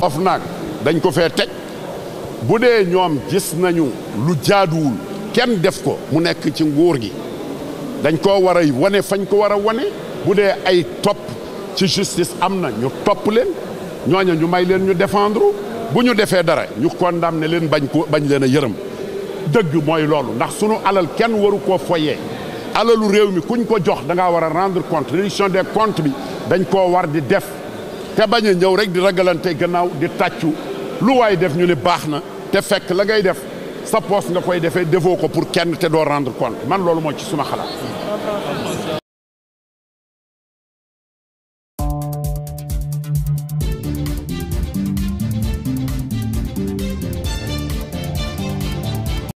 OFNAC dañ ko fee teg bu dee ñoom gis nañu lu jaaduwul kenn def ko mu nekk ci nguur gi dañ koo war a wane fañ ko war a wane bu dee ay topp ci justice am na ñu topp leen ñooña ñu may leen ñu défendre bu ñu defee dara ñu condamné leen bañ ko bañ leen a yërëm dëgg mooy loolu ndax sunu alal kenn waru koo foye alalu réew mi kuñ ko jox da ngaa war a rendre compte réduction des comptes bi dañ koo war di def te bañ a ñëw rek di ragalante gannaaw di tàccu lu waay def ñu ne baax na te fekk la ngay def sa poos nga koy defee defoo ko pour kenn te doo rendre compte man loolu moo ci suma xalaat